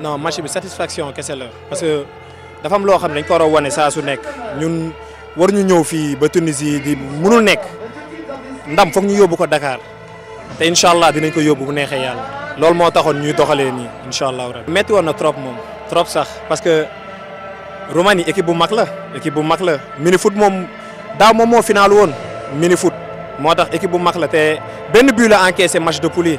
non match bi satisfaction qu'est-ce kese là? parce que dafa am loo xam ne dañ ko war a wane saa su nekk ñun war ñu ñëw fii ba Tunisie di mënul nekk ndam foog ñu yóbbu ko Dakar te incha allah dinañ ko yóbbu bu neexee yàlla loolu moo taxoon ñuy doxalee nii incha allah. metti woon na trop moom trop sax parce que Roumanie équipe bu mag la équipe bu mag la mini foot moom daaw moom moo final woon mini foot moo tax équipe bu mag la te benn but la encaissé match de poule